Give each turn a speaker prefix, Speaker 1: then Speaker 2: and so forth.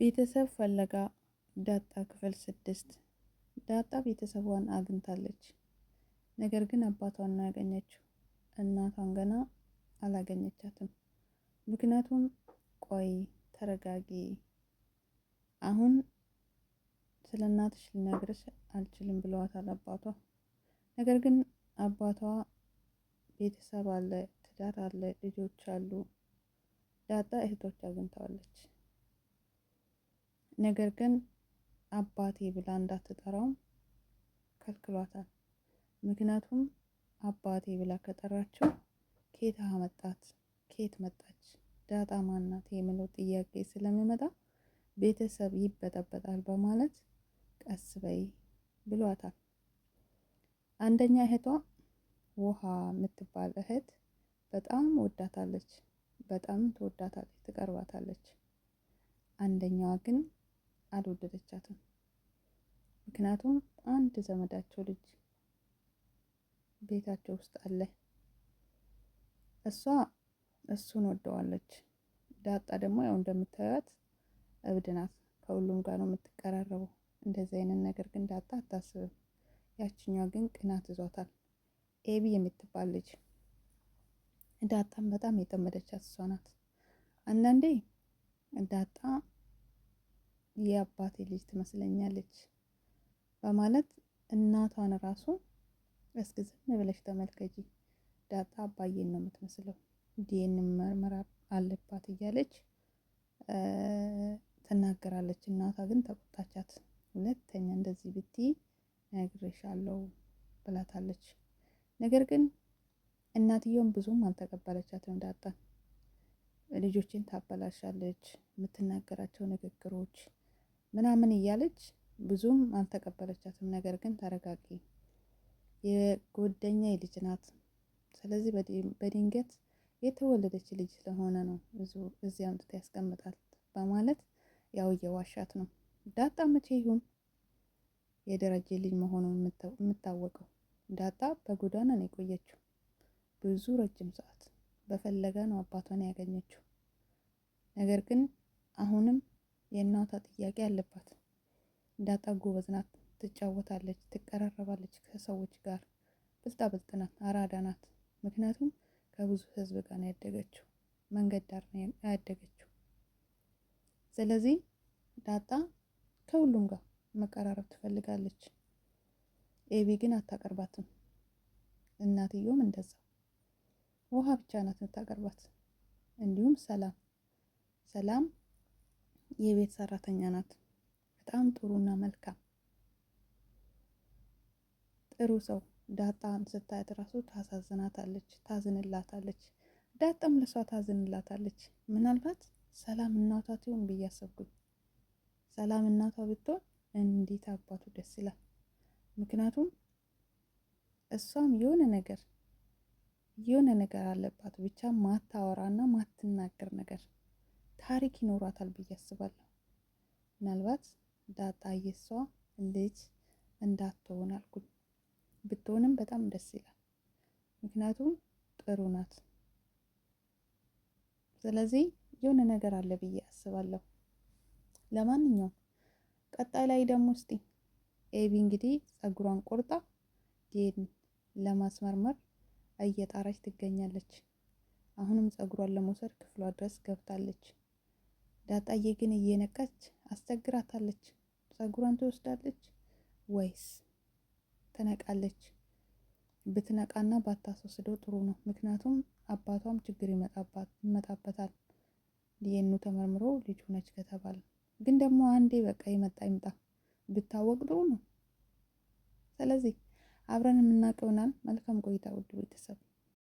Speaker 1: ቤተሰብ ፈለጋ ዳጣ ክፍል ስድስት ዳጣ ቤተሰቧን አግኝታለች። ነገር ግን አባቷን ነው ያገኘችው። እናቷን ገና አላገኘቻትም። ምክንያቱም ቆይ ተረጋጊ፣ አሁን ስለ እናትሽ ልነግርሽ አልችልም ብለዋታል አባቷ። ነገር ግን አባቷ ቤተሰብ አለ፣ ትዳር አለ፣ ልጆች አሉ። ዳጣ እህቶች አግኝተዋለች። ነገር ግን አባቴ ብላ እንዳትጠራውም ከልክሏታል። ምክንያቱም አባቴ ብላ ከጠራችው ኬት መጣት ኬት መጣች ዳጣ ማናት የሚለው ጥያቄ ስለሚመጣ ቤተሰብ ይበጠበጣል በማለት ቀስ በይ ብሏታል። አንደኛ እህቷ ውሃ የምትባል እህት በጣም ወዳታለች፣ በጣም ትወዳታለች፣ ትቀርባታለች። አንደኛዋ ግን አልወደደቻትም። ምክንያቱም አንድ ዘመዳቸው ልጅ ቤታቸው ውስጥ አለ። እሷ እሱን ወደዋለች። ዳጣ ደግሞ ያው እንደምታዩት እብድ ናት። ከሁሉም ጋር ነው የምትቀራረበው። እንደዚህ አይነት ነገር ግን ዳጣ አታስብም። ያችኛዋ ግን ቅናት ይዟታል። ኤቢ የምትባል ልጅ ዳጣም በጣም የጠመደቻት እሷ ናት። አንዳንዴ ዳጣ የአባቴ ልጅ ትመስለኛለች በማለት እናቷን ራሱ እስኪ ዝም ብለሽ ተመልከቺ፣ ዳጣ አባዬን ነው የምትመስለው ዲኤን ምርመራ አለባት እያለች ትናገራለች። እናቷ ግን ተቆጣቻት። ሁለተኛ እንደዚህ ብትይ ነግሬሻለሁ ብላታለች። ነገር ግን እናትየውን ብዙም አልተቀበለቻትም። ዳጣ ልጆችን ታበላሻለች፣ የምትናገራቸው ንግግሮች ምናምን እያለች ብዙም አልተቀበለቻትም። ነገር ግን ተረጋጊ፣ የጎደኛ ልጅ ናት። ስለዚህ በድንገት የተወለደች ልጅ ስለሆነ ነው እዚህ አምጥታ ያስቀምጣል በማለት ያው የዋሻት ነው። ዳጣ መቼ ይሁን የደረጀ ልጅ መሆኑን የምታወቀው ዳጣ በጎዳና ነው የቆየችው። ብዙ ረጅም ሰዓት በፈለገ ነው አባቷን ያገኘችው። ነገር ግን አሁንም የእናቷ ጥያቄ አለባት። ዳጣ ጎበዝ ናት፣ ትጫወታለች፣ ትቀራረባለች ከሰዎች ጋር ብልጣ ብልጥ ናት፣ አራዳ ናት። ምክንያቱም ከብዙ ህዝብ ጋር ነው ያደገችው፣ መንገድ ዳር ነው ያደገችው። ስለዚህ ዳጣ ከሁሉም ጋር መቀራረብ ትፈልጋለች። ኤቢ ግን አታቀርባትም። እናትዮም እንደዛ ውሃ ብቻ ናት የምታቀርባት። እንዲሁም ሰላም ሰላም የቤት ሰራተኛ ናት። በጣም ጥሩና መልካም ጥሩ ሰው። ዳጣን ስታያት ራሱ ታሳዝናታለች፣ ታዝንላታለች። ዳጣም ለሷ ታዝንላታለች። ምናልባት ሰላም እናቷ ትሆን ብዬ አሰብኩኝ። ሰላም እናቷ ብትሆን እንዴት አባቱ ደስ ይላል። ምክንያቱም እሷም የሆነ ነገር የሆነ ነገር አለባት ብቻ ማታወራና ማትናገር ነገር ታሪክ ይኖራታል ብዬ አስባለሁ። ምናልባት ዳጣ የሷ ልጅ እንዳትሆን አልኩኝ። ብትሆንም በጣም ደስ ይላል፣ ምክንያቱም ጥሩ ናት። ስለዚህ የሆነ ነገር አለ ብዬ አስባለሁ። ለማንኛውም ቀጣይ ላይ ደግሞ እስቲ ኤቢ እንግዲህ ጸጉሯን ቆርጣ ጌን ለማስመርመር እየጣረች ትገኛለች። አሁንም ጸጉሯን ለመውሰድ ክፍሏ ድረስ ገብታለች። ዳጣዬ ግን እየነቃች አስቸግራታለች። ጸጉሯን ትወስዳለች ወይስ ትነቃለች? ብትነቃና ባታስወስደው ጥሩ ነው። ምክንያቱም አባቷም ችግር ይመጣበታል። ዲኤኑ ተመርምሮ ልጅ ሆነች ከተባለ ግን ደግሞ አንዴ በቃ ይመጣ ይምጣ ብታወቅ ጥሩ ነው። ስለዚህ አብረን እናቀውናል። መልካም ቆይታ ውድ ቤተሰብ